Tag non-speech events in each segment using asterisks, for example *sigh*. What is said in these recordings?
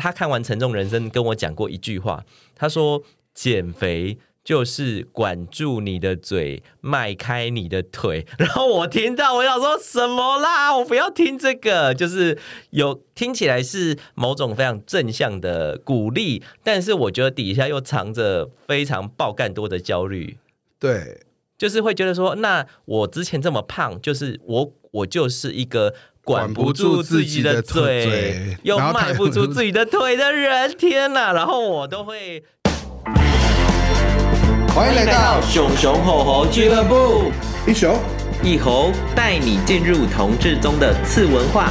他看完《沉重人生》跟我講過一句話，他說：“減肥就是管住你的嘴，邁開你的腿。”然後我聽到，我想說什麼啦？我不要聽這個，就是有聽起來是某種非常正向的鼓勵，但是我覺得底下又藏着非常爆幹多的焦慮。對，就是會覺得說，那我之前這麼胖，就是我我就是一個。管不住自己的嘴，又邁不出自己的腿的人，天哪！然後我都會歡迎來到熊熊猴猴俱樂部，一熊一猴帶你進入同志中的次文化。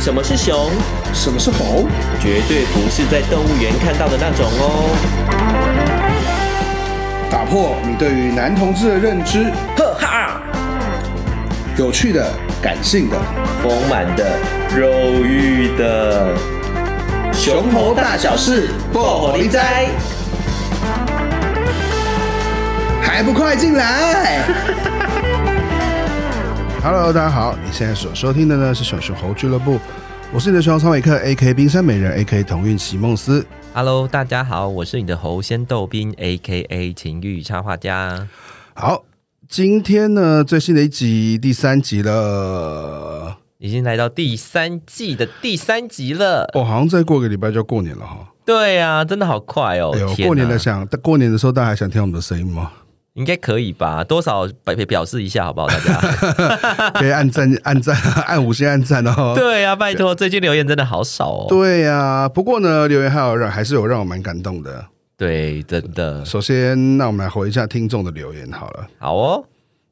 什麼是熊？什麼是猴？絕對不是在動物園看到的那種哦。打破你對於男同志的認知，呵哈。有趣的、感性的、豐滿的、肉欲的，熊猴大小事，過火的哉，還不快進來 *laughs* ！Hello，大家好，你現在所收聽的呢是《小熊猴俱樂部》，我是你的熊曹美克 A K 冰山美人 A K 同運席夢思。Hello，大家好，我是你的猴仙豆冰 A K A 情欲插畫家。好。今天呢，最新的一集第三集了，已經來到第三季的第三集了。哦，好像再過個禮拜就過年了哈、哦。對啊，真的好快哦、哎啊！過年的想，過年的時候大家還想聽我們的聲音嗎？應該可以吧？多少表表示一下好不好？大家 *laughs* 可以按讚、按讚、按五星、按讚哦。對啊，拜托，最近留言真的好少哦。對啊，不過呢，留言還有讓還是有讓我蠻感動的。對，真的。首先，那我們來回一下聽眾的留言好了。好哦，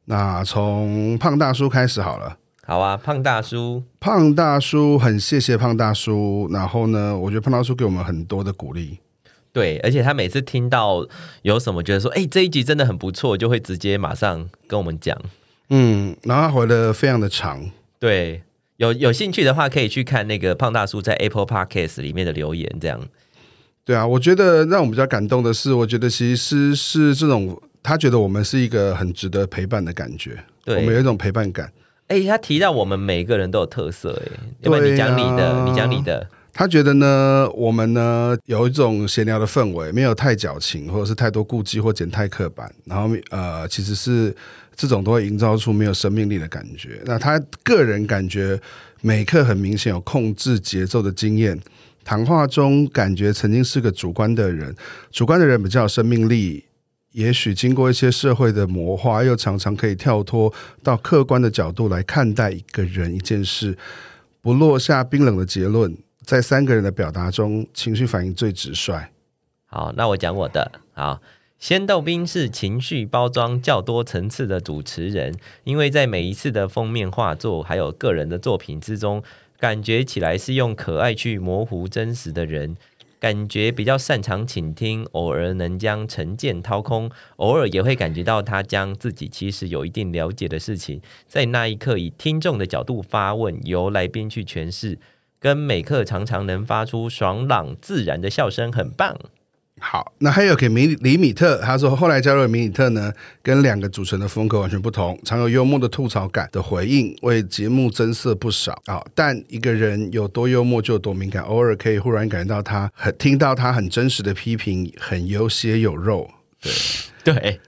那從胖大叔開始好了。好啊，胖大叔，胖大叔，很謝謝胖大叔。然後呢，我覺得胖大叔給我們很多的鼓勵。對，而且他每次聽到有什麼，覺得說，哎、欸，這一集真的很不錯，就會直接馬上跟我們講。嗯，然後他回了非常的長。對，有有興趣的話，可以去看那個胖大叔在 Apple Podcast 裡面的留言，這樣。對啊，我覺得讓我比較感動的是，我覺得其實是，是這種他覺得我們是一個很值得陪伴的感覺，對我們有一種陪伴感。哎、欸，他提到我們每個人都有特色，哎、啊，因為你講你的，你講你的。他覺得呢，我們呢有一種閒聊的氛圍，沒有太矯情，或者是太多顧忌，或是太刻板。然後呃，其實是這種都會營造出沒有生命力的感覺。那他個人感覺，美克很明顯有控制節奏的經驗。談話中，感覺曾經是個主觀的人，主觀的人比較有生命力。也許經過一些社會的魔化，又常常可以跳脫到客觀的角度來看待一個人一件事，不落下冰冷的結論。在三個人的表達中，情緒反應最直率。好，那我講我的。好，仙豆冰是情緒包裝較多層次的主持人，因為在每一次的封面畫作還有個人的作品之中。感覺起來是用可愛去模糊真實的人，感覺比較擅長傾聽，偶爾能將成見掏空，偶爾也會感覺到他將自己其實有一定了解的事情，在那一刻以聽眾的角度發問，由來賓去詮釋，跟美克常常能發出爽朗自然的笑聲，很棒。好，那還有給米李米特，他說後來加入了米米特呢，跟兩個主持人的風格完全不同，常有幽默的吐槽感的回應，為節目增色不少啊、哦。但一個人有多幽默，就有多敏感，偶爾可以忽然感覺到他很聽到他很真實的批評，很有血有肉。對對，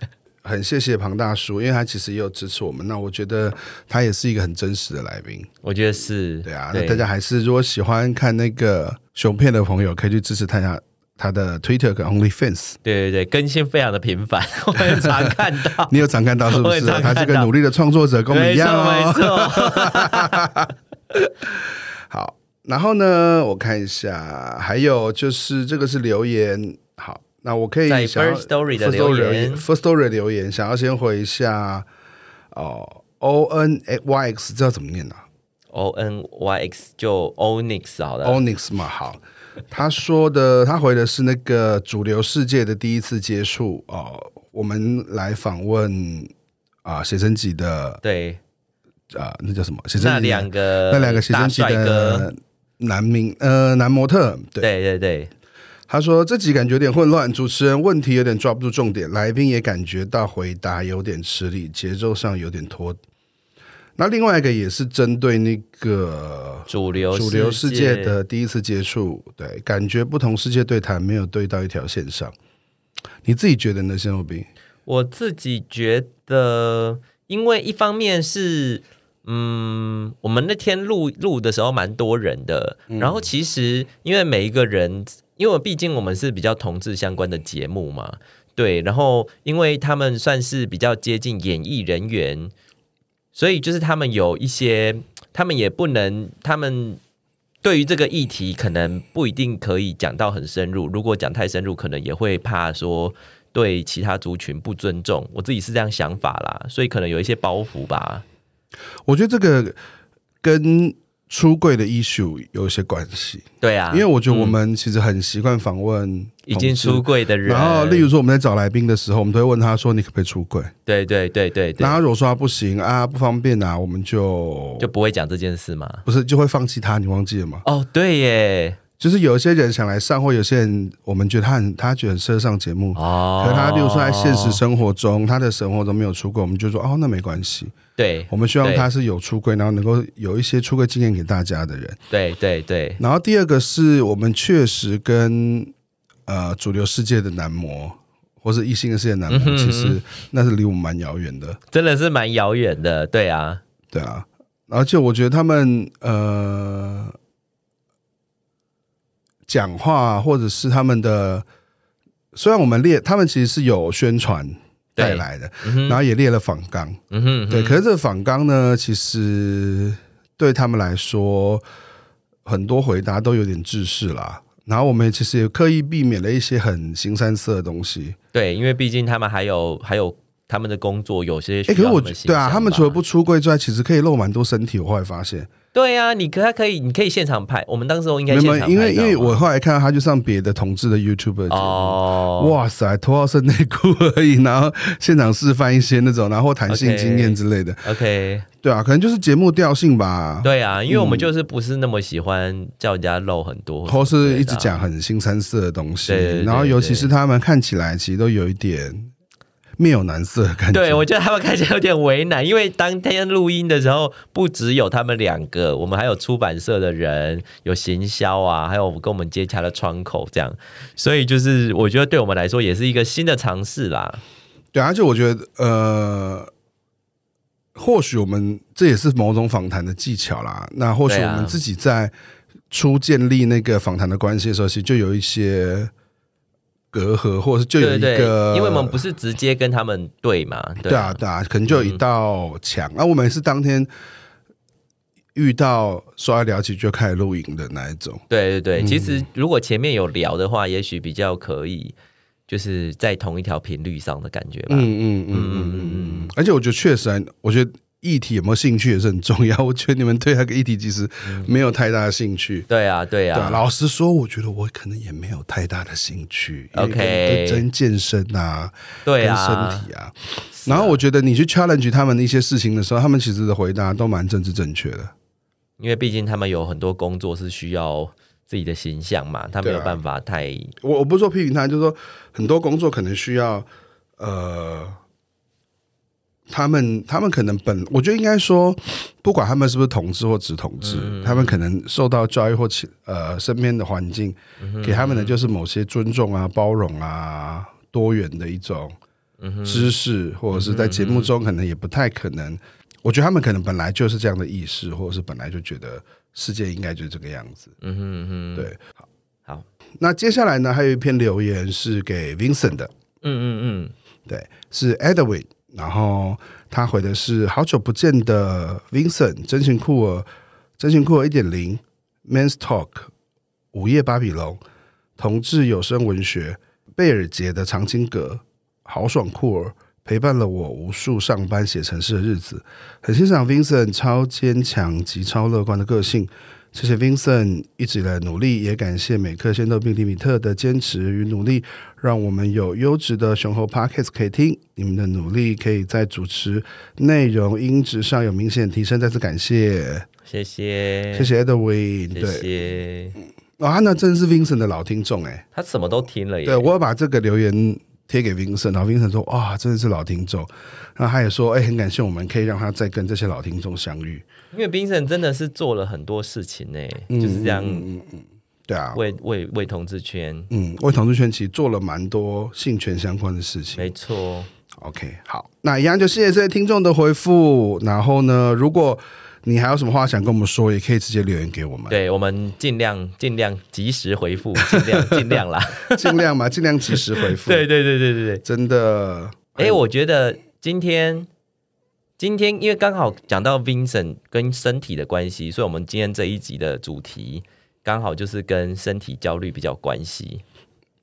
很謝謝龐大叔，因為他其實也有支持我們。那我覺得他也是一個很真實的來賓，我覺得是對啊。那大家還是如果喜歡看那個熊片的朋友，可以去支持他一下。他的 Twitter 跟 OnlyFans，對對對，更新非常的頻繁，我也常看到。 *laughs* 你有常看到是不是？他這個努力的創作者，跟我一樣哦。 *laughs* *laughs* 好，然後呢，我看一下，還有就是這個是留言。好，那我可以。First Story 的留言，First Story 的留言，想要先回一下哦。O N Y X 知道怎麼念呢？啊、O N Y X 就 Onyx 好了，Onyx 嘛，好。 *laughs* 他說的，他回的是那個主流世界的第一次接觸哦、呃，我們來訪問啊，寫、呃、真集的，對啊、呃，那叫什麼？寫真集那兩個那兩個寫真集的男名，呃男模特，對。對對對，他說這集感覺有點混亂，主持人問題有點抓不住重點，來賓也感覺到回答有點吃力，節奏上有點拖。那另外一個也是針對那個主流主流世界的第一次接觸，對，感覺不同世界對談沒有對到一條線上。你自己覺得呢，仙豆冰？我自己覺得，因為一方面是，嗯，我們那天錄錄的時候蠻多人的、嗯，然後其實因為每一個人，因為畢竟我們是比較同志相關的節目嘛，對，然後因為他們算是比較接近演藝人員。所以就是他們有一些，他們也不能，他們對於這個議題可能不一定可以講到很深入。如果講太深入，可能也會怕說對其他族群不尊重。我自己是這樣想法啦，所以可能有一些包袱吧。我覺得這個跟出櫃的 issue 有一些關係，對啊，因為我覺得我們其實很習慣訪問、嗯、已經出櫃的人，然後例如說我們在找來賓的時候，我們都會問他說：“你可不可以出櫃？”對對對對,對，那如果說他不行、嗯、啊，不方便啊，我們就就不會講這件事嘛，不是就會放棄他？你忘記了嗎？哦，對耶，就是有一些人想來上，或有些人我們覺得他很他覺得很適合上節目，哦、可是他比如說在現實生活中、嗯、他的生活中沒有出櫃，我們就說哦，那沒關係。對，對，我們希望他是有出櫃，然後能夠有一些出櫃經驗給大家的人。對對對。然後第二個是我們確實跟呃主流世界的男模，或者異性的世界的男模、嗯哼哼，其實那是離我們蠻遙遠的。真的是蠻遙遠的，對啊，對啊。而且我覺得他們呃講話，或者是他們的，雖然我們列，他們其實是有宣傳。帶來的，然後也列了訪綱、嗯，對、嗯哼。可是這個訪綱呢，其實對他們來說，很多回答都有點制式啦。然後我們其實也刻意避免了一些很腥羶色的東西。對，因為畢竟他們還有還有他們的工作，有些哎、欸，可是我對啊，他們除了不出櫃之外，其實可以露蠻多身體。我後來發現。對呀、啊，你他可以，你可以現場拍。我們當時我應該因為因為，我後來看到他去上別的同志的 YouTuber 節目哦，哇塞，脫掉剩內褲而已，然後現場示範一些那種，然後談性經驗之類的。OK，, okay 對啊，可能就是節目調性吧。對啊，因為我們就是不是那麼喜歡叫人家露很多或，或是一直講很性暗示的東西。對,對,對,對,對，然後尤其是他們看起來其實都有一點。沒有難色的感覺，對，我覺得他們看起來有點為難，因為當天錄音的時候，不只有他們兩個，我們還有出版社的人，有行銷啊，還有跟我們接洽的窗口這樣，所以就是我覺得對我們來說也是一個新的嘗試啦。對啊，而且我覺得呃，或許我們這也是某種訪談的技巧啦。那或許我們自己在初建立那個訪談的關係的時候，其實就有一些。隔閡，或者是就有一個對對，因為我們不是直接跟他們對嘛，對啊，對啊，嗯、可能就有一道牆。那、啊、我們是當天遇到，說要聊起就開始錄影的那一種。對對對、嗯，其實如果前面有聊的話，也許比較可以，就是在同一條頻率上的感覺吧。嗯嗯嗯嗯嗯嗯。而且我覺得確實，我覺得。議題有沒有興趣也是很重要。我覺得你們對那個議題其實沒有太大的興趣。嗯、對,啊對啊，對啊。老實說，我覺得我可能也沒有太大的興趣。OK，跟健身啊，對啊，身體啊,啊。然後我覺得你去 challenge 他們的一些事情的時候，他們其實的回答都蠻政治正確的。因為畢竟他們有很多工作是需要自己的形象嘛，他沒有辦法太……啊、我我不是說批評他，就是說很多工作可能需要呃。他們他們可能本我覺得應該說，不管他們是不是同志或只同志，嗯，他們可能受到教育或呃身邊的環境嗯哼嗯哼給他們的就是某些尊重啊、包容啊、多元的一種知識，嗯，或者是在節目中可能也不太可能嗯哼嗯哼。我覺得他們可能本來就是這樣的意識，或者是本來就覺得世界應該就是這個樣子。嗯哼嗯嗯，對，好，好。那接下來呢，還有一篇留言是給 Vincent 的。嗯嗯嗯，對，是 Edward。然後他回的是好久不見的 Vincent，真情酷兒，真情酷兒一點零，Men's Talk，午夜巴比龍，同志有聲文學，貝爾杰的長青閣，豪爽酷兒，陪伴了我無數上班寫程式的日子，很欣賞 Vincent 超堅強及超樂觀的個性。謝謝 Vincent 一直的努力，也感謝美克仙豆冰迪米特的堅持與努力，讓我們有優質的熊猴 Podcast 可以聽。你們的努力可以在主持內容音質上有明顯提升，再次感謝，謝謝，謝謝 Edwin 謝。哦，那真是 Vincent 的老聽眾哎，他什麼都聽了。對，我把這個留言。貼給冰神，然後冰神說：“哇、哦，真的是老聽眾。”那他也說：“哎，很感謝我們，可以讓他再跟這些老聽眾相遇。”因為冰神真的是做了很多事情呢、欸嗯，就是這樣。嗯嗯，對啊，為為為同志圈，嗯，為同志圈其實做了蠻多性權相關的事情。沒錯。OK，好，那一樣就謝謝這些聽眾的回復。然後呢，如果你還有什麼話想跟我們說，也可以直接留言給我們。對，我們盡量盡量及時回復，盡量盡量啦，盡 *laughs* *laughs* 量嘛，盡量及時回復。對對對對對對，真的。哎、欸欸，我覺得今天今天因為剛好講到 Vincent 跟身體的關係，所以我們今天這一集的主題剛好就是跟身體焦慮比較關係。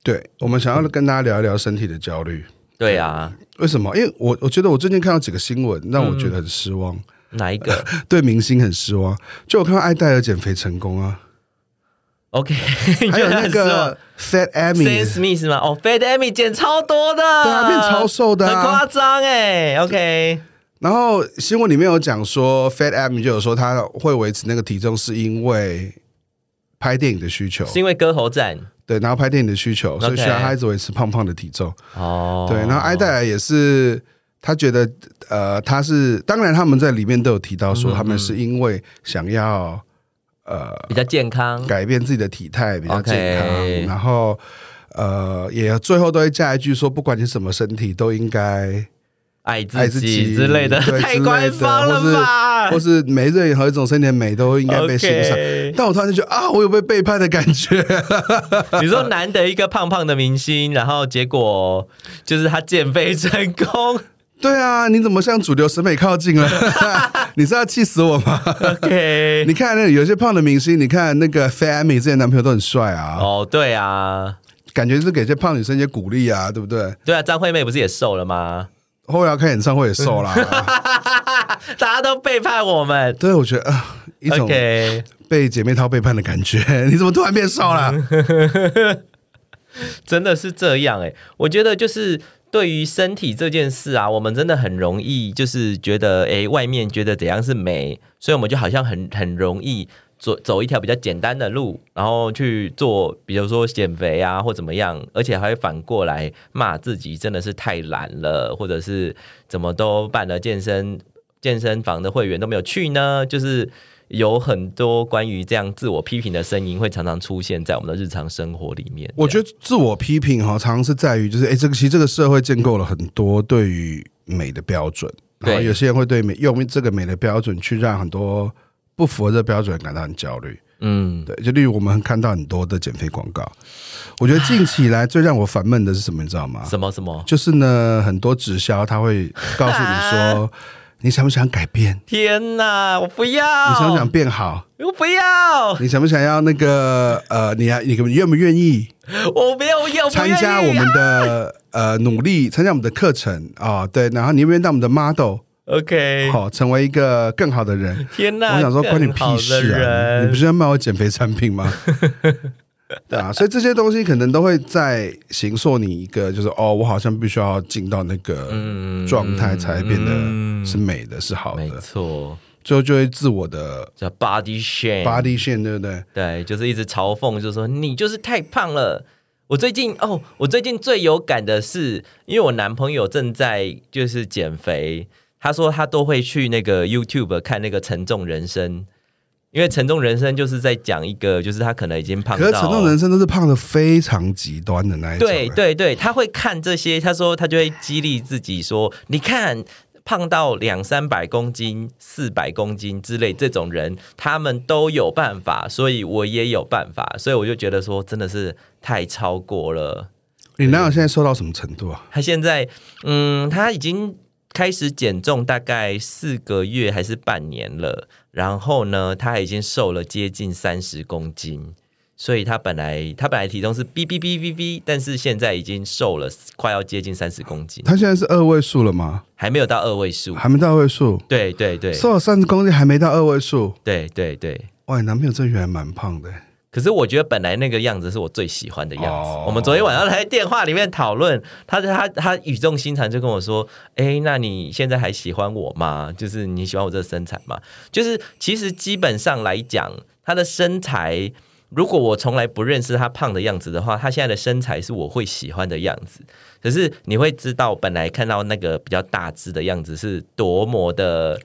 對，我們想要跟大家聊一聊身體的焦慮。 *laughs* 對啊，為什麼？因為我我覺得我最近看到幾個新聞，讓我覺得很失望。嗯哪一個 *laughs* 對明星很失望？就我看到艾戴爾減肥成功啊。OK， *laughs* 還有那個 *laughs* Fat Amy，Sense Me 是嗎？哦、oh,，Fat Amy 減超多的，對啊，變超瘦的，啊，很誇張哎。OK，然後新聞裡面有講說，Fat Amy 就有說他會維持那個體重是因為拍電影的需求，是因為歌喉戰對，然後拍電影的需求，okay. 所以需要他一直維持胖胖的體重哦。Oh, 對，然後艾戴爾也是。他覺得，呃，他是當然，他們在裡面都有提到說，他們是因為想要嗯嗯，呃，比較健康，改變自己的體態，比較健康。Okay. 然後，呃，也最後都會加一句說，不管你什麼身體，都應該愛自己之類的。類的太官方了吧。或或是每任何一種身體的美都應該被欣賞。Okay. 但我突然就覺得啊，我有被背叛的感覺。 *laughs* 比如說難得一個胖胖的明星，然後結果就是他減肥成功。對啊，你怎麼向主流審美靠近了？ *laughs* *laughs* 你是要氣死我嗎？OK， *laughs* 你看那有些胖的明星，你看那個 Fammy 之前男朋友都很帥啊。哦、oh,，對啊，感覺是給些胖女生一些鼓勵啊，對不對？對啊，張惠妹不是也瘦了嗎？後來開演唱會也瘦了。 *laughs* *laughs* 大家都背叛我們。對，我覺得啊、呃，一種被姐妹淘背叛的感覺。 *laughs* 你怎麼突然變瘦了？ *laughs* 真的是這樣哎、欸，我覺得就是。對於身體這件事啊，我們真的很容易，就是覺得，哎，外面覺得怎樣是美，所以我們就好像很很容易走走一條比較簡單的路，然後去做，比如說減肥啊，或怎麼樣，而且還會反過來罵自己，真的是太懶了，或者是怎麼都辦了健身健身房的會員都沒有去呢，就是。有很多關於這樣自我批評的聲音，會常常出現在我們的日常生活裡面。我覺得自我批評哈、喔，常常是在於就是，哎、欸，這個其實這個社會建構了很多對於美的標準，嗯，然後有些人會對美用這個美的標準去讓很多不符合這個標準感到很焦慮。嗯，對，就例如我們看到很多的減肥廣告，我覺得近期來最讓我煩悶的是什麼，你知道嗎？什麼什麼？就是呢，很多直銷他會告訴你說。啊你想不想改變？天哪，我不要。你想不想變好？我不要。你想不想要那個？呃，你要，你願不願意我？我不要。我參，呃，加我們的呃努力，參加我們的課程啊，哦，對。然後你願不願意當我們的 model？OK，okay，好，哦，成為一個更好的人。天哪，我想說關你屁事啊！你不是要賣我減肥產品嗎？ *laughs* 對啊，所以這些東西可能都會在形塑你一個，就是哦，我好像必須要進到那個狀態，才變得是美的、是好的。嗯嗯嗯、沒錯，最後就會自我的叫 body shame，body shame 對不對？對，就是一直嘲諷，就說你就是太胖了。我最近哦，我最近最有感的是，因為我男朋友正在就是減肥，他說他都會去那個 YouTube 看那個《沉重人生》。因為沉重人生就是在講一個，就是他可能已經胖到。可是沉重人生都是胖得非常極端的那一種。對對對，他會看這些，他說他就會激勵自己說：“你看，胖到兩三百公斤、四百公斤之類這種人，他們都有辦法，所以我也有辦法。”所以我就覺得說，真的是太超過了。你男友現在瘦到什麼程度啊？他現在，嗯，他已經，開始減重大概四個月還是半年了，然後呢，他已經瘦了接近三十公斤，所以他本來他本來體重是嗶嗶嗶嗶嗶，但是現在已經瘦了快要接近三十公斤。他現在是二位數了嗎？還沒有到二位數，還沒到二位數。對對對，瘦了三十公斤還沒到二位數。對對對，哇，你男朋友這人還蠻胖的。可是我覺得本來那個樣子是我最喜歡的樣子。我們昨天晚上在電話裡面討論，他他他語重心長就跟我說：“誒，那你現在還喜歡我嗎？就是你喜歡我這個身材嗎？”就是其實基本上來講，他的身材，如果我從來不認識他胖的樣子的話，他現在的身材是我會喜歡的樣子。可是你會知道，本來看到那個比較大隻的樣子是多麼的。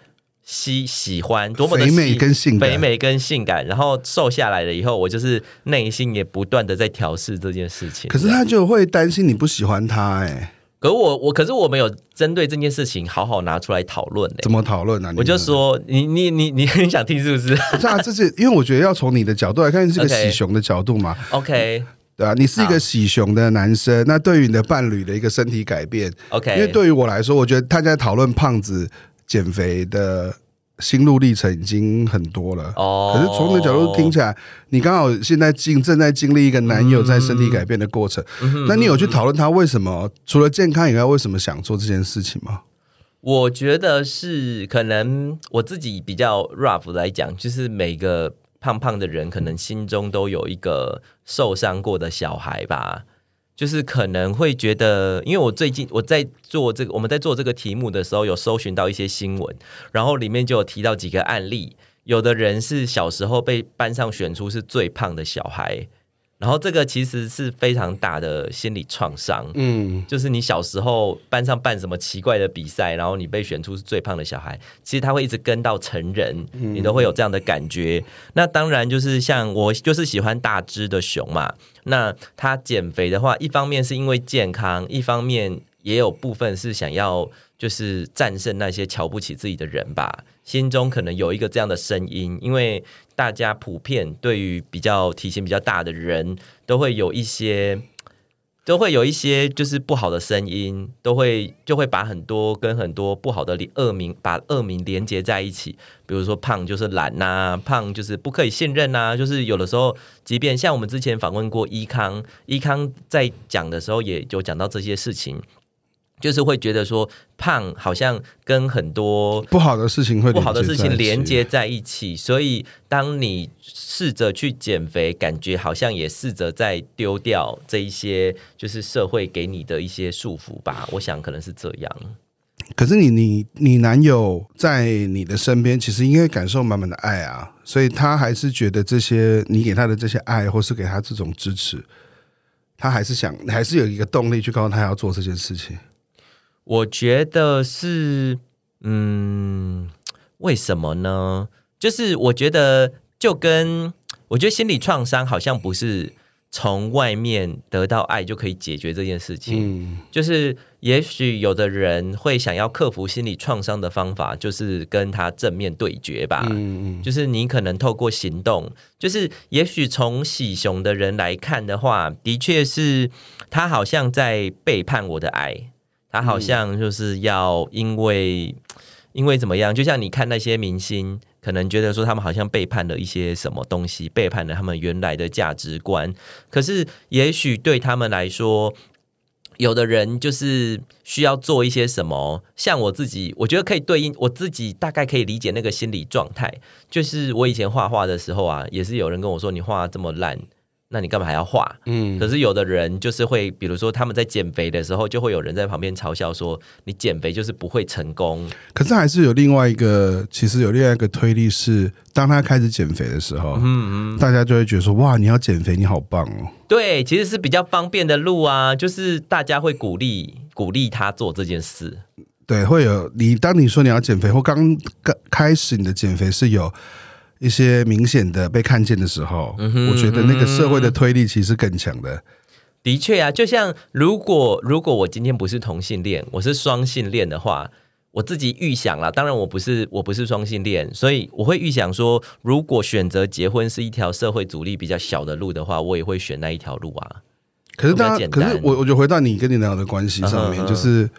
喜喜歡多麼的肥美、肥美跟性感，美，美跟性感，然後瘦下來了以後，我就是內心也不斷的在調試這件事情。可是他就會擔心你不喜歡他，哎、欸嗯。可是我我可是我沒有針對這件事情好好拿出來討論、欸、怎麼討論呢、啊？我就說你你你你很想聽是不是？不是啊，這是因為我覺得要從你的角度來看，是個喜熊的角度嘛 okay, okay。OK，對啊，你是一個喜熊的男生，啊，那對於你的伴侶的一個身體改變，OK。因為對於我來說，我覺得他在討論胖子。減肥的心路歷程已經很多了，哦、Oh. 可是從你的角度聽起來，你剛好現在正正在經歷一個男友在身體改變的過程，mm-hmm. 那你有去討論他為什麼除了健康以外，為什麼想做這件事情嗎？我覺得是可能我自己比較 rough 來講，就是每個胖胖的人可能心中都有一個受傷過的小孩吧。就是可能會覺得，因為我最近我在做這個，我們在做這個題目的時候，有搜尋到一些新聞，然後裡面就有提到幾個案例，有的人是小時候被班上選出是最胖的小孩。然後這個其實是非常大的心理創傷，嗯，就是你小時候班上辦什麼奇怪的比賽，然後你被選出是最胖的小孩，其實他會一直跟到成人，你都會有這樣的感覺。那當然就是像我，就是喜歡大只的熊嘛。那他減肥的話，一方面是因為健康，一方面也有部分是想要就是戰勝那些瞧不起自己的人吧。心中可能有一個這樣的聲音，因為。大家普遍對於比較體型比較大的人都會有一些，都會有一些就是不好的聲音，都會就會把很多跟很多不好的惡名把惡名連接在一起。比如說胖就是懶吶、啊，胖就是不可以信任吶、啊，就是有的時候，即便像我們之前訪問過伊康，伊康在講的時候也就講到這些事情。就是會覺得說胖好像跟很多不好的事情，會不好的事情連接在一起，所以當你試着去減肥，感覺好像也試着在丟掉這一些就是社會給你的一些束縛吧。我想可能是這樣。可是你你你男友在你的身邊，其實應該感受滿滿的愛啊，所以他還是覺得這些你給他的這些愛，或是給他這種支持，他還是想，還是有一個動力去告訴他要做這件事情。我覺得是，嗯，為什麼呢？就是我覺得，就跟我覺得心理創傷好像不是從外面得到愛就可以解決這件事情。嗯，就是也許有的人會想要克服心理創傷的方法，就是跟他正面對決吧。嗯嗯，就是你可能透過行動，就是也許從喜熊的人來看的話，的確是他好像在背叛我的愛。他好像就是要因為因為怎麼樣？就像你看那些明星，可能覺得說他們好像背叛了一些什麼東西，背叛了他們原來的價值觀。可是也許對他們來說，有的人就是需要做一些什麼。像我自己，我覺得可以對應我自己，大概可以理解那個心理狀態。就是我以前畫畫的時候啊，也是有人跟我說：“你畫這麼爛。”那你幹嘛還要畫？嗯，可是有的人就是會，比如說他們在減肥的時候，就會有人在旁邊嘲笑說：“你減肥就是不會成功。”可是還是有另外一個，其實有另外一個推力是，當他開始減肥的時候，嗯嗯，大家就會覺得說：“哇，你要減肥，你好棒哦！”對，其實是比較方便的路啊，就是大家會鼓勵鼓勵他做這件事。對，會有你當你說你要減肥，或剛剛開始你的減肥是有。一些明顯的被看見的時候，嗯哼嗯哼，我覺得那個社會的推力其實更強的。的確啊，就像如果如果我今天不是同性戀，我是雙性戀的話，我自己預想了。當然我不是我不是雙性戀，所以我會預想說，如果選擇結婚是一條社會阻力比較小的路的話，我也會選那一條路啊。可是大家，比較簡單，可是我我就回到你跟你男友的關係上面，就、嗯、是、嗯。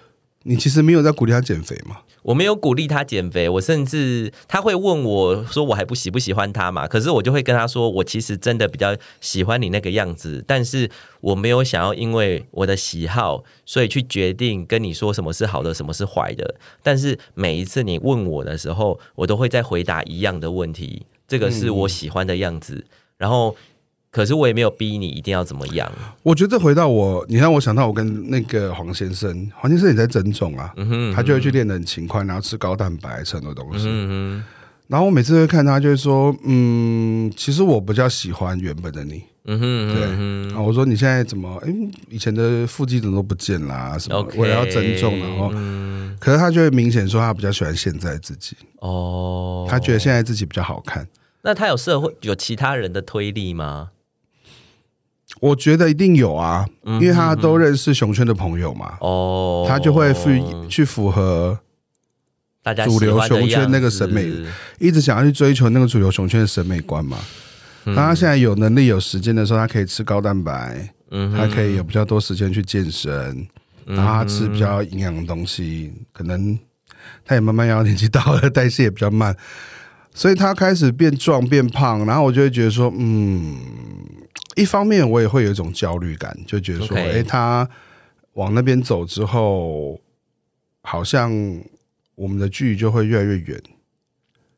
你其實沒有在鼓勵他減肥嗎？我沒有鼓勵他減肥，我甚至他會問我說：“我還不喜不喜歡他嘛？”可是我就會跟他說：“我其實真的比較喜歡你那個樣子，但是我沒有想要因為我的喜好，所以去決定跟你說什麼是好的，什麼是壞的。但是每一次你問我的時候，我都會再回答一樣的問題。這個是我喜歡的樣子，嗯嗯然後。”可是我也沒有逼你一定要怎麼樣。我覺得回到我，你讓我想到我跟那個黃先生，黃先生你在增重啊嗯嗯，他就會去練的很勤快，然後吃高蛋白很多東西嗯嗯。然後我每次會看他，他就會說，嗯，其實我比較喜歡原本的你。嗯哼，嗯哼嗯，對啊，然後我說你現在怎麼，哎、欸，以前的腹肌怎麼都不見啦、啊？什麼？Okay, 我也要增重了？然後、嗯，可是他就會明顯說，他比較喜歡現在自己。哦，他覺得現在自己比較好看。那他有社會有其他人的推力嗎？我覺得一定有啊，因為他都認識熊圈的朋友嘛，嗯、他就會去、哦、去符合大家主流熊圈那個審美，一直想要去追求那個主流熊圈的審美觀嘛。嗯、他現在有能力有時間的時候，他可以吃高蛋白，嗯、他可以有比較多時間去健身，嗯、然後他吃比較營養的東西。可能他也慢慢要年紀到了，代謝也比較慢，所以他開始變壯變胖，然後我就會覺得說，嗯。一方面我也會有一種焦慮感，就覺得說，哎、okay. 欸，他往那邊走之後，好像我們的距離就會越來越遠。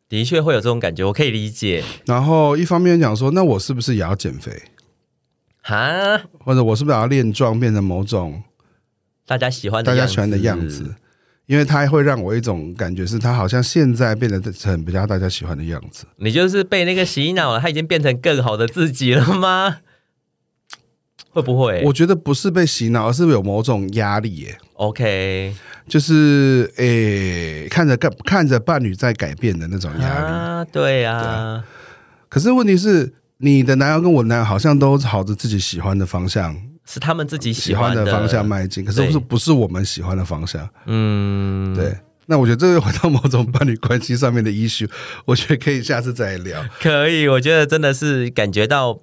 的確會有這種感覺，我可以理解。然後一方面講說，那我是不是也要減肥？哈？或者我是不是要練壯，變成某種大家喜歡大家喜歡的樣子？因為他會讓我一種感覺是，他好像現在變得成比較大家喜歡的樣子。你就是被那個洗腦了？他已經變成更好的自己了嗎？會不會？我覺得不是被洗腦，而是有某種壓力耶。OK，就是誒、欸，看着看看着伴侶在改變的那種壓力。啊，啊，對啊。可是問題是，你的男友跟我男友好像都朝着自己喜歡的方向。是他們自己喜歡，喜歡的方向邁進，可是不是我們喜歡的方向。嗯，對。那我覺得這是回到某種伴侶關係上面的 issue，我覺得可以下次再聊。可以，我覺得真的是感覺到，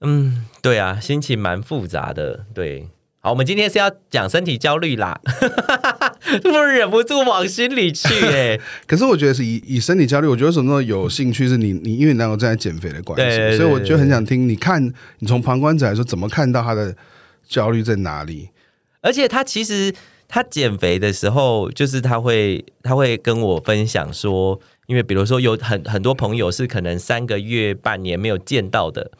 嗯，對啊，心情蠻複雜的。對。好，我們今天是要講身體焦慮啦。 *laughs* 我 *laughs* 忍不住往心裡去哎，欸， *laughs* 可是我覺得是以以身體焦慮，我覺得什麼時候有興趣是你你因為男友正在減肥的關係， *laughs* 對對對對，所以我就很想聽你，你看你從旁觀者來說，怎麼看到他的焦慮在哪裡？而且他其實他減肥的時候，就是他會他會跟我分享說，因為比如說有很很多朋友是可能三個月、半年沒有見到的。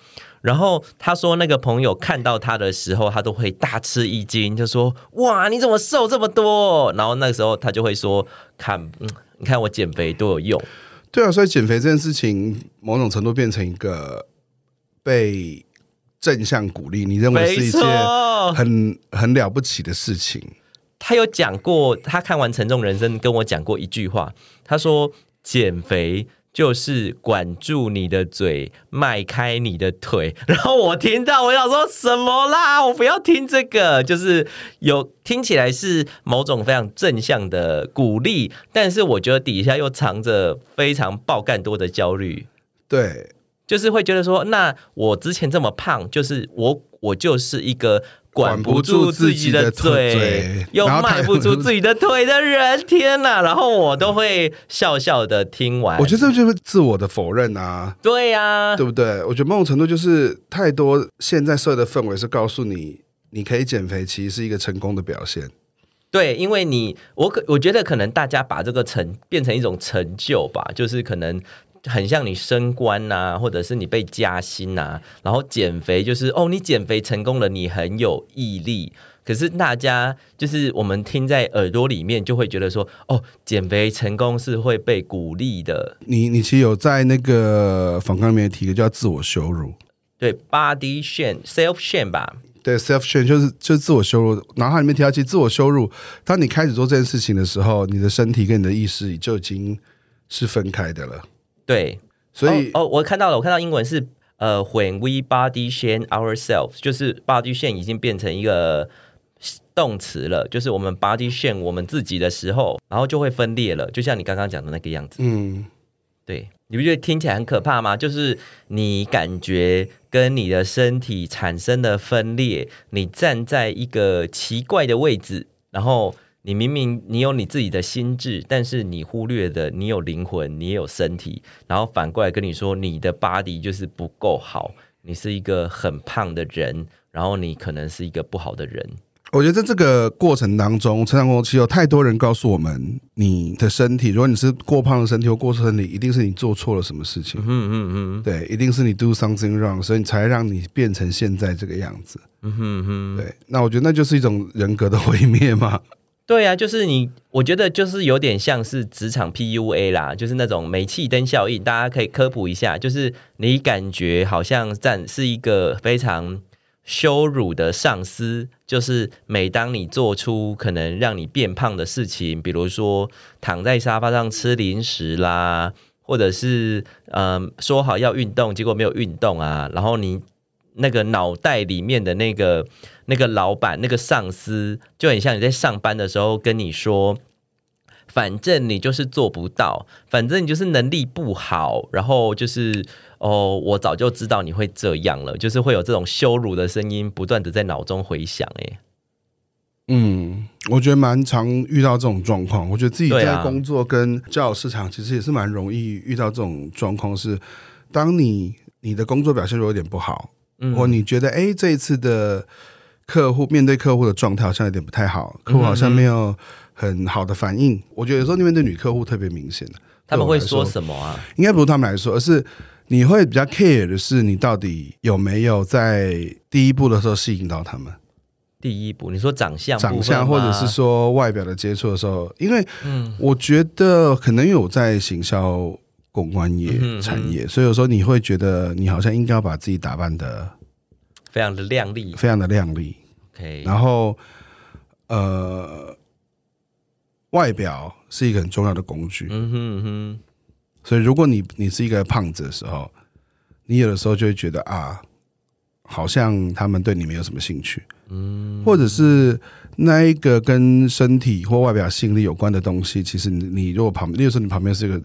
然後他說，那個朋友看到他的時候，他都會大吃一驚，就說：“哇，你怎麼瘦這麼多？”然後那個時候他就會說：“看，嗯，你看我減肥都有用。”對啊，所以減肥這件事情，某種程度變成一個被正向鼓勵。你認為是一件很很了不起的事情？他有講過，他看完《沉重人生》跟我講過一句話，他說：“減肥。”就是管住你的嘴，邁開你的腿。然後我聽到，我想說什麼啦？我不要聽這個。就是有聽起來是某種非常正向的鼓勵，但是我覺得底下又藏着非常爆干多的焦慮。對，就是會覺得說，那我之前這麼胖，就是我我就是一個。管不住自己的嘴，又邁不出自己的腿的人， *laughs* 天哪！然後我都會笑笑的聽完。我覺得這就是自我的否認啊，對啊，對不對？我覺得某種程度就是太多現在社會的氛圍是告訴你，你可以減肥，其實是一個成功的表現。對，因為你，我可我覺得可能大家把這個成變成一種成就吧，就是可能。很像你升官吶、啊，或者是你被加薪吶、啊，然後減肥就是哦，你減肥成功了，你很有毅力。可是大家就是我們聽在耳朵裡面，就會覺得說哦，減肥成功是會被鼓勵的。你你其實有在那個訪談裡面提過叫自我羞辱，對 body shame、self shame 吧？對 self shame 就是就是自我羞辱。腦海裡面提到其實自我羞辱，當你開始做這件事情的時候，你的身體跟你的意識就已經是分開的了。對，所以哦、oh, oh，我看到了，我看到英文是呃、uh，when we body shame ourselves，就是 body shame 已經變成一個動詞了，就是我們 body shame 我們自己的時候，然後就會分裂了，就像你剛剛講的那個樣子。嗯，對，你不覺得聽起來很可怕嗎？就是你感覺跟你的身體產生的分裂，你站在一個奇怪的位置，然後，你明明你有你自己的心智，但是你忽略的，你有靈魂，你也有身體，然後反過來跟你說你的 body 就是不夠好，你是一個很胖的人，然後你可能是一個不好的人。我覺得在這個過程當中，成長周期有太多人告訴我們，你的身體，如果你是過胖的身體或過瘦的身體，一定是你做錯了什麼事情。嗯嗯嗯，對，一定是你 do something wrong，所以才讓你變成現在這個樣子。嗯哼哼，對，那我覺得那就是一種人格的毀滅嘛。 *laughs* 對呀、啊，就是你，我覺得就是有點像是職場 PUA 啦，就是那種煤氣燈效應。大家可以科普一下，就是你感覺好像在是一個非常羞辱的上司，就是每當你做出可能讓你變胖的事情，比如說躺在沙發上吃零食啦，或者是嗯、呃、說好要運動，結果沒有運動啊，然後你。那個腦袋裡面的那個那個老闆那個上司就很像你在上班的時候跟你說，反正你就是做不到，反正你就是能力不好，然後就是哦，我早就知道你會這樣了，就是會有這種羞辱的聲音不斷的在腦中回響、欸。哎，嗯，我覺得蠻常遇到這種狀況。我覺得自己在工作跟交友市場其實也是蠻容易遇到這種狀況，是當你你的工作表現有點不好。嗯，或你覺得哎、欸，這一次的客戶，面對客戶的狀態好像有點不太好，客戶好像沒有很好的反應。嗯、哼哼，我覺得有時候面對女客戶特別明顯，啊，他們會說什麼啊，應該不是他們來說，而是你會比較 care 的是你到底有沒有在第一步的時候吸引到他們。第一步，你說長相、長相或者是說外表的接觸的時候，因為我覺得可能有在行銷。公關業產業，所以有時候你會覺得你好像應該要把自己打扮得非常的靚麗，非常的靚麗。OK，然後呃，外表是一個很重要的工具。嗯哼哼。所以如果你你是一個胖子的時候，你有的時候就會覺得啊，好像他們對你沒有什麼興趣。嗯，或者是那一個跟身體或外表吸引力有關的東西，其實你你如果旁，例如說你旁邊是一個。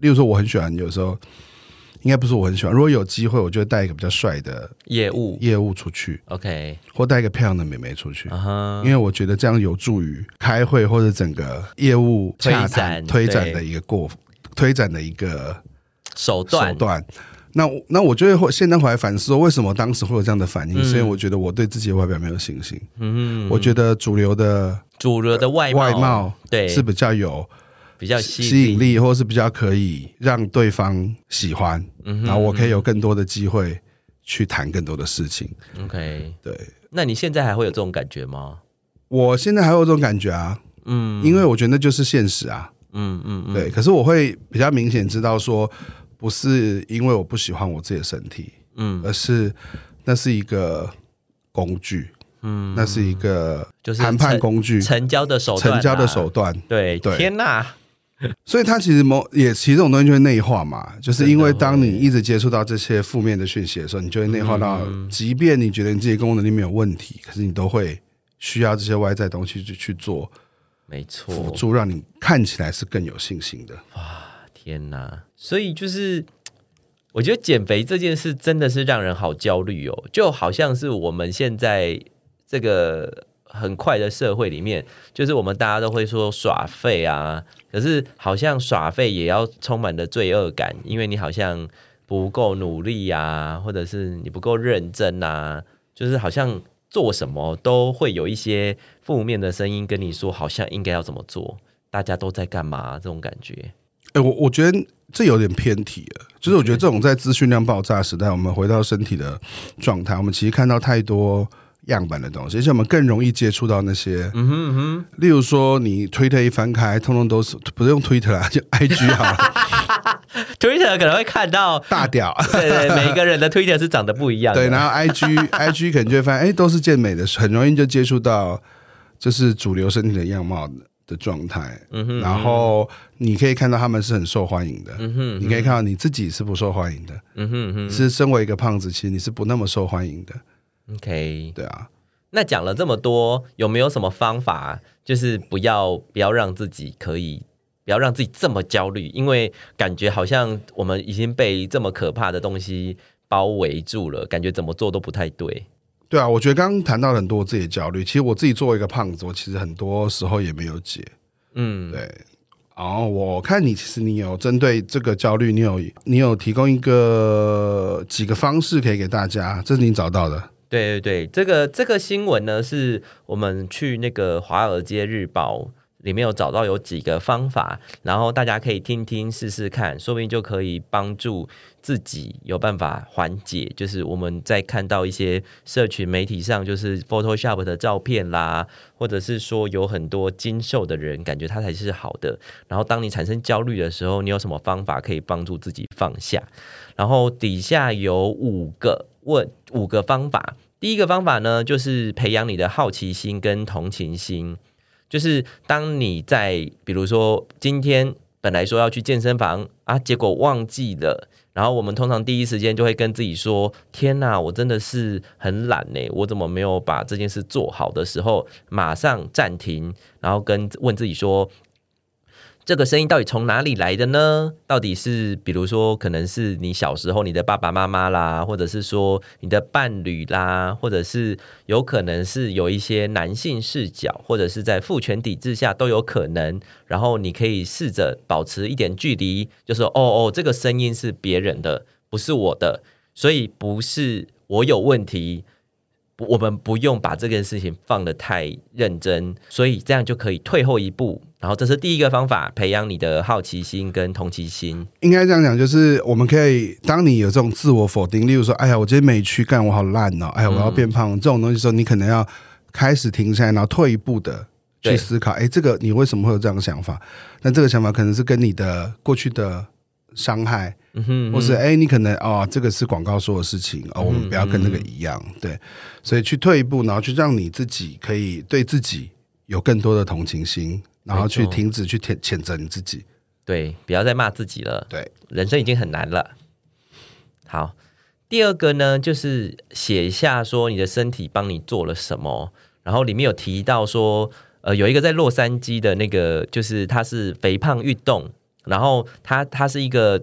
例如說，我很喜歡有時候，應該不是我很喜歡。如果有機會，我就會帶一個比較帥的業務業務出去，OK，或帶一個漂亮的妹妹出去，uh -huh. 因為我覺得這樣有助於開會或者整個業務洽談推展的一個過、推展的一個手段手段。那那我就會現在回來反思，為什麼我當時會有這樣的反應？因、嗯、為我覺得我對自己的外表沒有信心。嗯哼嗯哼，我覺得主流的主流的外、呃、外貌對是比較有。比較吸引力，吸引力或是比較可以讓對方喜歡，嗯哼嗯哼，然後我可以有更多的機會去談更多的事情。OK，對。那你現在還會有這種感覺嗎？我現在還有這種感覺啊，嗯，嗯，因為我覺得那就是現實啊，嗯嗯，嗯，對。可是我會比較明顯知道說，不是因為我不喜歡我自己的身體，嗯，而是那是一個工具，嗯，那是一個就是談判工具成、成交的手段、啊、成交的手段。對，對。天吶 *laughs* 所以，他其實某也其實這種東西就會內化嘛，就是因為當你一直接觸到這些負面的訊息的時候，你就會內化到，即便你覺得你自己工作能力沒有問題，可是你都會需要這些外在東西去去做，沒錯，輔助讓你看起來是更有信心的。哇，天哪，啊！所以就是，我覺得減肥這件事真的是讓人好焦慮哦，就好像是我們現在這個很快的社會裡面，就是我們大家都會說耍廢啊。可是好像耍廢也要充滿的罪惡感，因為你好像不夠努力呀，啊，或者是你不夠認真啊，就是好像做什麼都會有一些負面的聲音跟你說，好像應該要怎麼做，大家都在幹嘛，啊、這種感覺。誒、欸，我我覺得這有點偏題了，就是我覺得這種在資訊量爆炸時代，我們回到身體的狀態，我們其實看到太多。樣板的東西，而且我們更容易接觸到那些，嗯哼嗯哼。例如說，你推特一翻開，通通都是不是用推特啦，就 IG 好了哈，推 *laughs* 特 *laughs* 可能會看到大屌， *laughs* 對，對對，每一個人的推特是長得不一樣的，對，然後 IG *laughs* IG 可能就會發現，哎、欸，都是健美的，很容易就接觸到，就是主流身體的樣貌的狀態，嗯哼，嗯哼，然後你可以看到他們是很受歡迎的，嗯哼，嗯哼，你可以看到你自己是不受歡迎的，嗯哼嗯哼，是身為一個胖子，其實你是不那麼受歡迎的。OK，對啊，那講了這麼多，有沒有什麼方法，就是不要不要讓自己可以不要讓自己這麼焦慮？因為感覺好像我們已經被這麼可怕的東西包圍住了，感覺怎麼做都不太對。對啊，我覺得剛剛談到很多自己的焦慮，其實我自己作為一個胖子，我其實很多時候也沒有解。嗯，對。然後我看你，其實你有針對這個焦慮，你有你有提供一個幾個方式可以給大家，這是你找到的。對對對，這個這個新聞呢，是我們去那個《華爾街日報》裡面有找到有幾個方法，然後大家可以聽聽試試看，說不定就可以幫助自己有辦法緩解。就是我們在看到一些社群媒體上，就是 Photoshop 的照片啦，或者是說有很多精瘦的人，感覺他才是好的。然後當你產生焦慮的時候，你有什麼方法可以幫助自己放下？然後底下有五個。.問五個方法，第一個方法呢，就是培養你的好奇心跟同情心。就是當你在比如說今天本來說要去健身房啊，結果忘記了，然後我們通常第一時間就會跟自己說：“天哪，我真的是很懶呢、欸，我怎麼沒有把這件事做好的時候，馬上暫停，然後跟問自己說。”這個聲音到底從哪裡來的呢？到底是比如說，可能是你小時候你的爸爸媽媽啦，或者是說你的伴侶啦，或者是有可能是有一些男性視角，或者是在父權體制下都有可能。然後你可以試着保持一點距離，就說：“哦哦，這個聲音是別人的，不是我的，所以不是我有問題。”我們不用把這件事情放得太認真，所以這樣就可以退後一步。然後這是第一個方法，培養你的好奇心跟同情心。應該這樣講，就是我們可以，當你有這種自我否定，例如說，哎呀，我今天沒去乾，我好爛哦，哎呀，我要變胖，嗯、這種東西的時候，你可能要開始停下來，然後退一步的去思考，哎，這個你為什麼會有這樣的想法？那這個想法可能是跟你的過去的傷害，嗯嗯或是哎，你可能啊、哦，這個是廣告說的事情，哦，我們不要跟那個一樣嗯嗯，對，所以去退一步，然後去讓你自己可以對自己有更多的同情心。然後去停止去譴譴責你自己，對，不要再罵自己了。對，人生已經很難了。好，第二個呢，就是寫一下說你的身體幫你做了什麼。然後裡面有提到說，呃，有一個在洛杉磯的那個，就是他是肥胖運動，然後他他是一個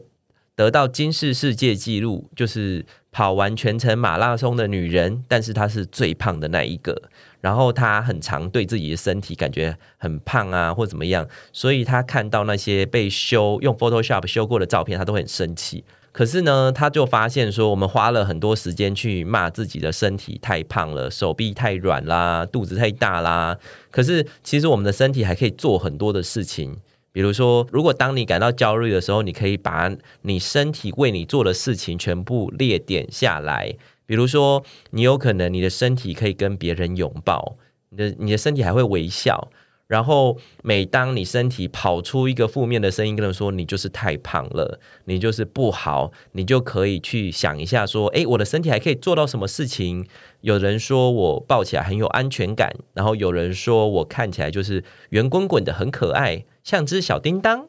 得到金氏世界紀錄，就是跑完全程馬拉松的女人，但是她是最胖的那一個。然後他很常對自己的身體感覺很胖啊，或怎麼樣，所以他看到那些被修用 Photoshop 修過的照片，他都會很生氣。可是呢，他就發現說，我們花了很多時間去罵自己的身體太胖了，手臂太軟啦，肚子太大啦。可是其實我們的身體還可以做很多的事情，比如說，如果當你感到焦慮的時候，你可以把你身體為你做的事情全部列點下來。比如說，你有可能你的身體可以跟別人擁抱，你的你的身體還會微笑。然後每當你身體跑出一個負面的聲音，跟人說你就是太胖了，你就是不好，你就可以去想一下說，哎，我的身體還可以做到什麼事情？有人說我抱起來很有安全感，然後有人說我看起來就是圓滾滾的很可愛，像隻小叮噹。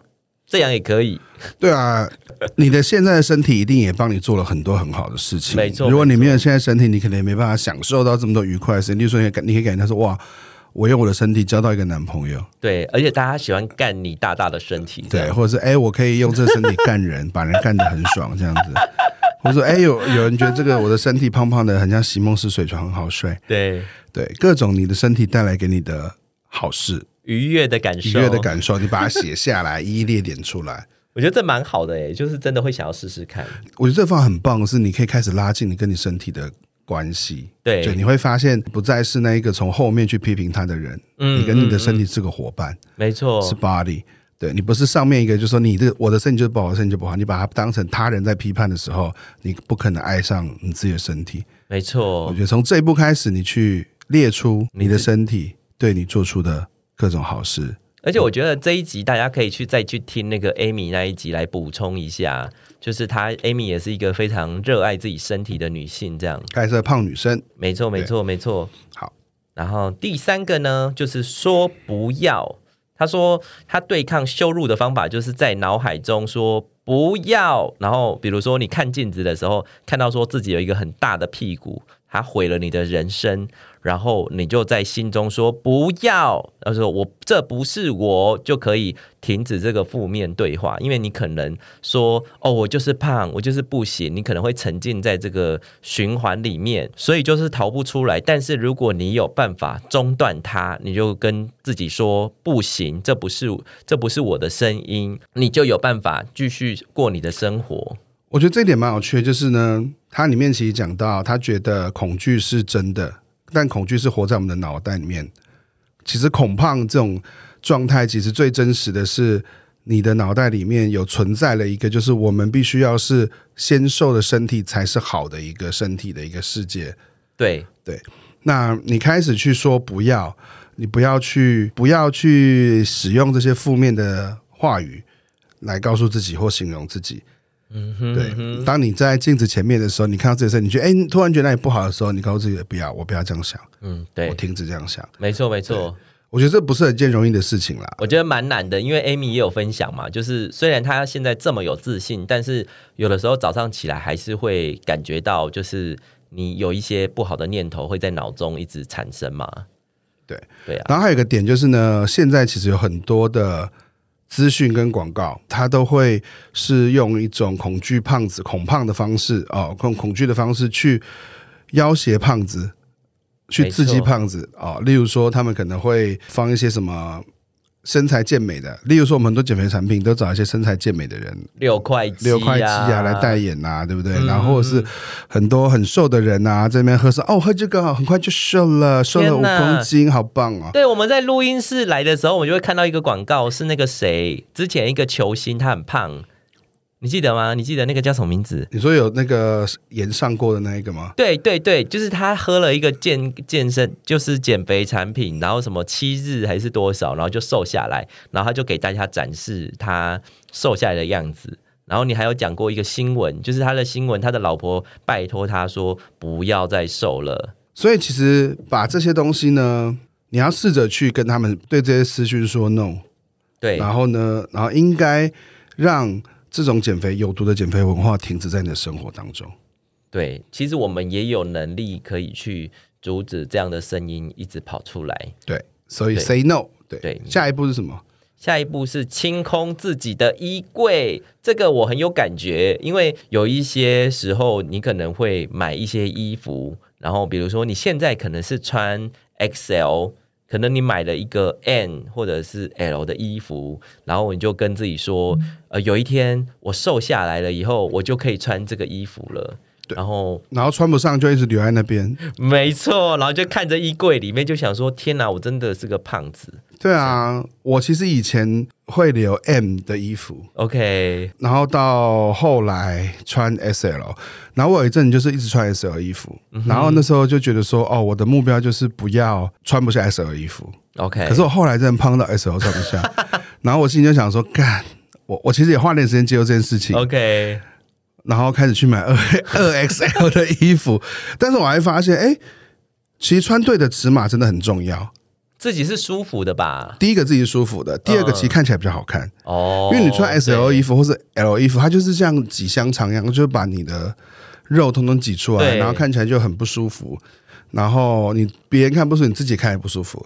這樣也可以，對啊，你的現在的身體一定也幫你做了很多很好的事情。 *laughs* 沒錯，如果你沒有現在身體，你可能也沒辦法享受到這麼多愉快的事情。甚至說，你感你可以感覺到說，哇，我用我的身體交到一個男朋友。對，而且大家喜歡幹你大大的身體，對，或者是哎、欸，我可以用這身體幹人， *laughs* 把人幹得很爽，這樣子。或者說，哎、欸，有有人覺得這個我的身體胖胖的，很像席夢思水床，很好睡。對對，各種你的身體帶來給你的好事。愉悅的感受，愉悅的感受，你把它寫下來， *laughs* 一一列點出來，我覺得這蠻好的耶、欸，就是真的會想要試試看。我覺得這方法很棒，是你可以開始拉近你跟你身體的關係，對，就你會發現不再是那一個從後面去批評他的人，嗯，你跟你的身體是個夥伴，嗯嗯嗯、body, 沒錯，是 body，對，你不是上面一個，就是說你的我的身體就是不好，我的身體就不好，你把它當成他人在批判的時候，你不可能愛上你自己的身體，沒錯。我覺得從這一步開始，你去列出你的身體對你做出的。各種好事，而且我覺得這一集大家可以去再去聽那個 Amy 那一集來補充一下，就是她 Amy 也是一個非常熱愛自己身體的女性，這樣，她也是個胖女生，沒錯沒錯沒錯。好，然後第三個呢，就是說不要，她說她對抗羞辱的方法就是在腦海中說不要，然後比如說你看鏡子的時候看到說自己有一個很大的屁股。打毀了你的人生，然後你就在心中說不要，他說我這不是我，就可以停止這個負面對話。因為你可能說哦，我就是胖，我就是不行，你可能會沉浸在這個循環裡面，所以就是逃不出來。但是如果你有辦法中斷它，你就跟自己說不行，這不是這不是我的聲音，你就有辦法繼續過你的生活。我覺得這一點蠻有趣，就是呢。他裡面其實講到，他覺得恐懼是真的，但恐懼是活在我們的腦袋裡面。其實恐胖這種狀態，其實最真實的是你的腦袋裡面有存在了一個，就是我們必須要是纖瘦的身體才是好的一個身體的一個世界。對對，那你開始去說不要，你不要去，不要去使用這些負面的話語來告訴自己或形容自己。嗯哼，對嗯哼。當你在鏡子前面的時候，你看到這些，你覺哎，欸、突然覺得那裡不好的時候，你告訴自己不要，我不要這樣想。嗯，對，我停止這樣想。沒錯，沒錯。我覺得這不是一件容易的事情啦。我覺得蠻難的，因為 Amy 也有分享嘛，就是雖然他現在這麼有自信，但是有的時候早上起來還是會感覺到，就是你有一些不好的念頭會在腦中一直產生嘛。對，對啊。然後還有一個點就是呢，現在其實有很多的。資訊跟廣告，他都會是用一種恐懼胖子、恐胖的方式哦，恐恐懼的方式去要挾胖子，去刺激胖子哦，例如說，他們可能會放一些什麼。身材健美的，例如說，我們很多減肥產品都找一些身材健美的人，六塊、啊、六塊肌，啊來代言吶、啊，對不對？嗯、然後是很多很瘦的人啊，在那邊喝上哦，喝這個很快就瘦了，瘦了五公斤，好棒啊、哦！對，我們在錄音室來的時候，我就會看到一個廣告，是那個誰，之前一個球星，他很胖。你記得嗎？你記得那個叫什麼名字？你說有那個演上過的那一個嗎？對對對，就是他喝了一個健健身，就是減肥產品，然後什麼七日還是多少，然後就瘦下來，然後他就給大家展示他瘦下來的樣子。然後你還有講過一個新聞，就是他的新聞，他的老婆拜托他說不要再瘦了。所以其實把這些東西呢，你要試着去跟他們對這些資訊說 no。對，然後呢，然後應該讓。這種減肥有毒的減肥文化停止在你的生活當中，對，其實我們也有能力可以去阻止這樣的聲音一直跑出來。對，所以 say no。對。對，對，下一步是什麼？下一步是清空自己的衣櫃。這個我很有感覺，因為有一些時候你可能會買一些衣服，然後比如說你現在可能是穿 XL。可能你買了一個 N 或者是 L 的衣服，然後你就跟自己說，嗯，呃，有一天我瘦下來了以後，我就可以穿這個衣服了。對，然後然後穿不上就一直留在那邊，沒錯，然後就看着衣櫃裡面就想說，天哪，我真的是個胖子。對啊，我其實以前。會留 M 的衣服，OK，然後到後來穿 S L，然後我有一陣就是一直穿 S L 衣服，嗯，然後那時候就覺得說，哦，我的目標就是不要穿不下 S L 衣服，OK。可是我後來真的碰到 S L 穿不下， *laughs* 然後我心裡就想說，幹，我我其實也花點時間接受這件事情，OK。然後開始去買二二 XL 的衣服， *laughs* 但是我還發現，哎，欸，其實穿對的尺碼真的很重要。自己是舒服的吧？第一個自己是舒服的，第二個其實看起來比較好看、嗯、哦。因為你穿 S L 衣服或是 L 衣服，它就是像擠香腸一樣，就是把你的肉統統擠出來，然後看起來就很不舒服。然後你別人看不出，你自己看也不舒服。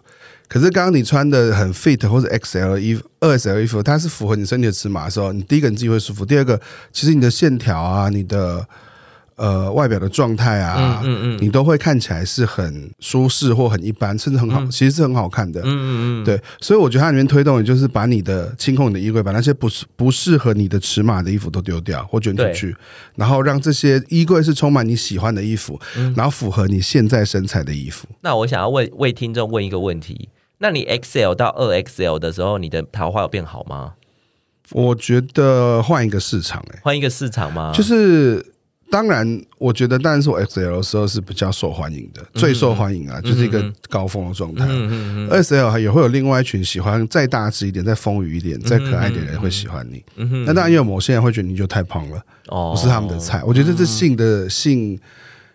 可是剛剛你穿的很 fit 或者 X L 衣服，二 S L 衣服，它是符合你身體的尺碼的時候，你第一個你自己會舒服，第二個其實你的線條啊，你的。呃，外表的狀態啊，嗯嗯，嗯，你都會看起來是很舒適或很一般，甚至很好，嗯、其實是很好看的，嗯嗯嗯，對。所以我覺得它裡面推動的就是把你的清空你的衣櫃，把那些不適不適合你的尺碼的衣服都丟掉或捐出去，然後讓這些衣櫃是充滿你喜歡的衣服、嗯，然後符合你現在身材的衣服。那我想要為為聽眾問一個問題，那你 XL 到 2XL 的時候，你的桃花有變好嗎？我覺得換一個市場、欸，哎，換一個市場嗎？就是。當然，我覺得當然是我 XL 的時候是比較受歡迎的，最受歡迎啊，嗯、就是一個高峰的狀態。嗯嗯、XL 還也會有另外一群喜歡再大只一點、再豐腴一點、嗯、再可愛一點的人會喜歡你。嗯、哼，那當然，因為有某些人會覺得你就太胖了，、嗯，不是他們的菜。我覺得這是性的性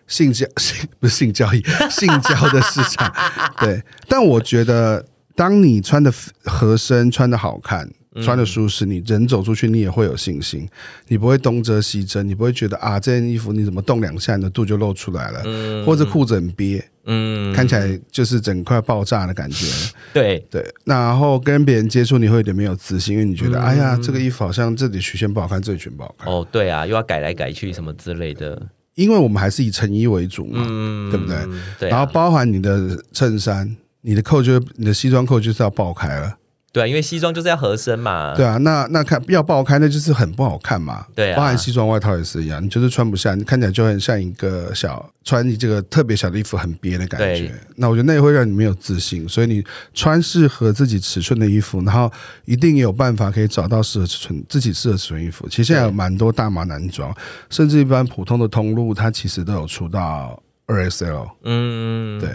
性交性不是性交易，性交的市場。 *laughs* 對，但我覺得當你穿的合身，穿的好看，穿的舒適，你人走出去，你也會有信心，你不會東遮西遮，你不會覺得啊，這件衣服你怎麼動兩下，你的肚就露出來了，嗯、或者褲子很憋，嗯，看起來就是整塊爆炸的感覺。對對，然後跟別人接觸，你會有點沒有自信，因為你覺得、嗯，哎呀，這個衣服好像這裡曲線不好看，這裡全不好看。哦，對啊，又要改來改去什麼之類的。因為我們還是以成衣為主嘛，嗯、對不對？對啊。然後包含你的襯衫，你的扣就你的西裝扣就是要爆開了。對，因為西裝就是要合身嘛。對啊，那那看要爆開，那就是很不好看嘛。對啊，包含西裝外套也是一樣，你就是穿不下，你看起來就很像一個小穿你這個特別小的衣服很憋的感覺。那我覺得那也會讓你沒有自信，所以你穿適合自己尺寸的衣服，然後一定有辦法可以找到適合尺寸自己適合尺寸衣服。其實現在有蠻多大碼男裝，甚至一般普通的通路，它其實都有出到 2XL。嗯，嗯，對。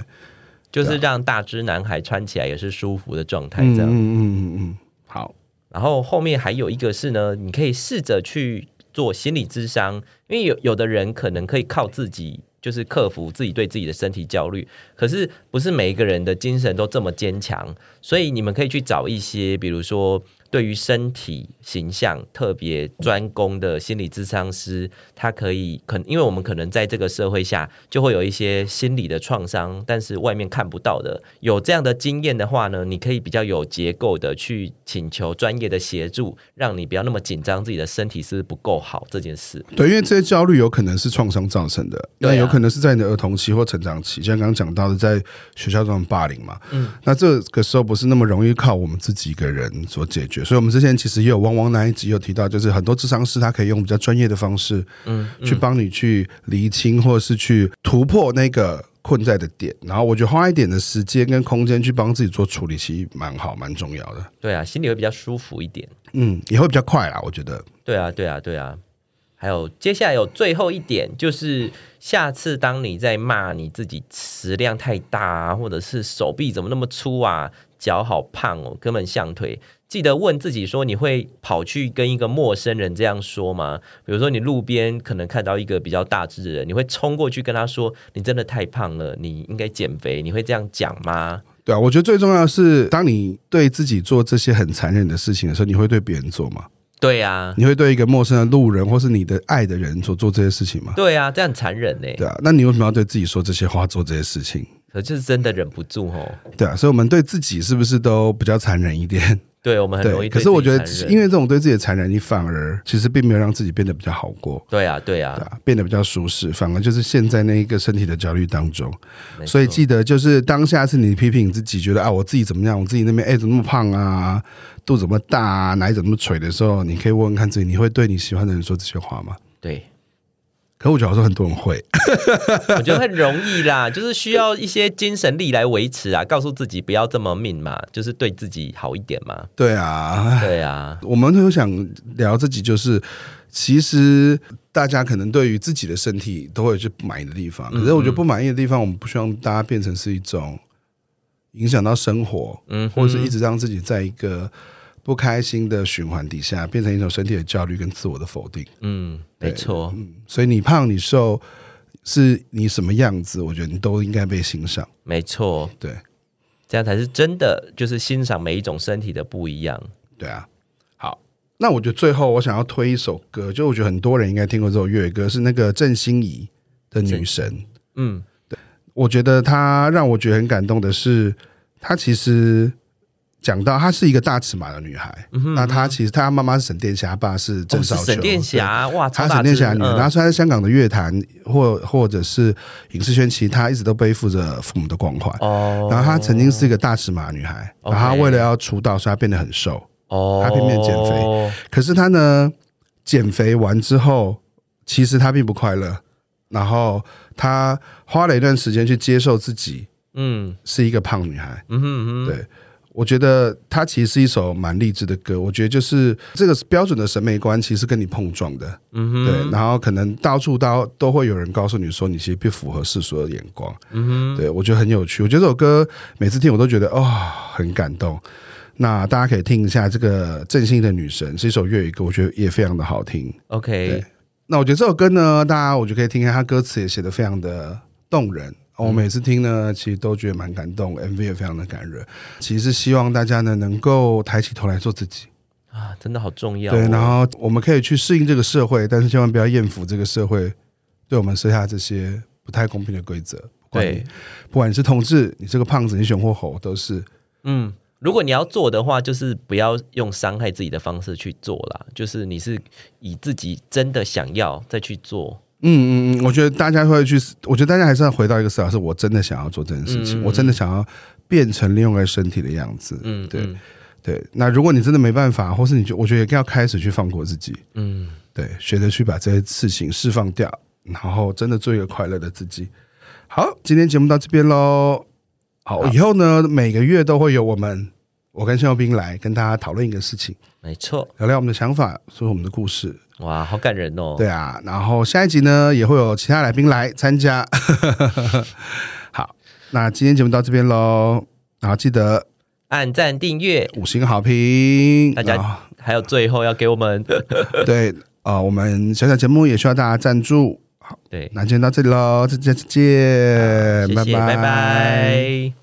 就是讓大只男孩穿起來也是舒服的狀態，這樣。嗯嗯嗯好。然後後面還有一個是呢，你可以試着去做心理諮商，因為有有的人可能可以靠自己，就是克服自己對自己的身體焦慮。可是不是每一個人的精神都這麼堅強，所以你們可以去找一些，比如說。對於身體形象特別專攻的心理諮商師，他可以可，因為我們可能在這個社會下就會有一些心理的創傷，但是外面看不到的，有這樣的經驗的話呢，你可以比較有結構的去請求專業的協助，讓你不要那麼緊張自己的身體是不是不夠好這件事。對，因為這些焦慮有可能是創傷造成的，對啊，但有可能是在你的兒童期或成長期，像剛剛講到的，在學校中的霸凌嘛。嗯，那這個時候不是那麼容易靠我們自己一個人所解決。所以，我們之前其實也有汪汪那一集有提到，就是很多諮商師他可以用比較專業的方式，嗯，去幫你去理清，或者是去突破那個困在的點。然後，我覺得花一點的時間跟空間去幫自己做處理，其實蠻好，蠻重要的。對啊，心裡會比較舒服一點。嗯，也會比較快啦，我覺得。對啊，對啊，對啊。還有，接下來有最後一點，就是下次當你在罵你自己食量太大啊，或者是手臂怎麼那麼粗啊，腳好胖哦，根本像腿。記得問自己：說你會跑去跟一個陌生人這樣說嗎？比如說，你路邊可能看到一個比較大只的人，你會衝過去跟他說：“你真的太胖了，你應該減肥。”你會這樣講嗎？對啊，我覺得最重要的是，當你對自己做這些很殘忍的事情的時候，你會對別人做嗎？對啊，你會對一個陌生的路人，或是你的愛的人做，做這些事情嗎？對啊，這樣殘忍呢、欸？對啊，那你為什麼要對自己說這些話，做這些事情？可就是真的忍不住哦。對啊，所以我們對自己是不是都比較殘忍一點？對，我們很容易。可是我覺得，因為這種對自己的殘忍，你反而其實並沒有讓自己變得比較好過。對啊對啊對，變得比較舒適，反而就是陷在那一個身體的焦慮當中。所以記得，就是當下是你批評你自己，覺得啊，我自己怎麼樣？我自己那邊哎、欸，怎麼那麼胖啊？肚子那麼大啊？奶怎麼那麼垂的時候，你可以問問看自己，你會對你喜歡的人說這些話嗎？對。可是我覺得好像很多人會 *laughs* ，我覺得很容易啦，就是需要一些精神力來維持啊，告訴自己不要這麼命嘛，就是對自己好一點嘛。對啊，對啊。我們都想聊自己，就是其實大家可能對於自己的身體都會有些不滿意的地方，可是我覺得不滿意的地方，我們不希望大家變成是一種影響到生活，嗯，或者是一直讓自己在一個。不開心的循環底下，變成一種身體的焦慮跟自我的否定。嗯，沒錯。嗯，所以你胖你瘦，是你什麼樣子，我覺得你都應該被欣賞。沒錯，對，這樣才是真的，就是欣賞每一種身體的不一樣。對啊。好，那我覺得最後我想要推一首歌，就我覺得很多人應該聽過這首粵語歌，是那個鄭欣宜的《女神》。嗯，對。我覺得她讓我覺得很感動的是，她其實。講到她是一個大尺碼的女孩，嗯嗯，那她其實她媽媽是沈殿霞，爸是鄭少秋，沈、哦、殿霞哇，她沈殿霞女兒，她、嗯、然後她在香港的樂壇或或者是影視圈，其實她一直都背負着父母的光環、哦、然後她曾經是一個大尺碼女孩，哦、然後她為了要出道，所以她變得很瘦、哦、她拼命減肥。可是她呢，減肥完之後，其實她並不快樂。然後她花了一段時間去接受自己，嗯，是一個胖女孩，嗯嗯對。我覺得它其實是一首蠻勵志的歌。我覺得就是這個標準的審美觀，其實是跟你碰撞的，嗯哼，對。然後可能到處都都會有人告訴你說，你其實不符合世俗的眼光，嗯哼，對。我覺得很有趣。我覺得這首歌每次聽我都覺得哦，很感動。那大家可以聽一下這個《鄭欣宜的女神》是一首粵語歌，我覺得也非常的好聽。OK，對，那我覺得這首歌呢，大家我就可以聽一下，它歌詞也寫得非常的動人。我、哦、每次聽呢，其實都覺得蠻感動，MV 也非常的感人。其實是希望大家呢，能夠抬起頭來做自己啊，真的好重要、哦。對，然後我們可以去適應這個社會，但是千萬不要豔福這個社會對我們設下這些不太公平的規則。對，不管你是同志，你是個胖子，你熊或猴，都是嗯，如果你要做的話，就是不要用傷害自己的方式去做啦，就是你是以自己真的想要再去做。嗯嗯嗯，我覺得大家會去，我覺得大家還是要回到一個思考，是我真的想要做這件事情，嗯嗯嗯，我真的想要變成另外一個身體的樣子。嗯，嗯，對對。那如果你真的沒辦法，或是你就我覺得要開始去放過自己，嗯，對，學着去把這些事情釋放掉，然後真的做一個快樂的自己。好，今天節目到這邊嘍。好，以後呢每個月都會有我們，我跟仙豆冰來跟大家討論一個事情，沒錯，聊聊我們的想法，說，說我們的故事。哇，好感人哦！對啊，然後下一集呢也會有其他來賓來參加。 *laughs* 好，那今天節目到這邊嘍，然後記得按贊、訂閱、五星好評。大家還有最後要給我們 *laughs* 對啊、呃，我們小小節目也需要大家贊助。好，對，那今天到這裡嘍，再見，再見，拜拜，拜拜。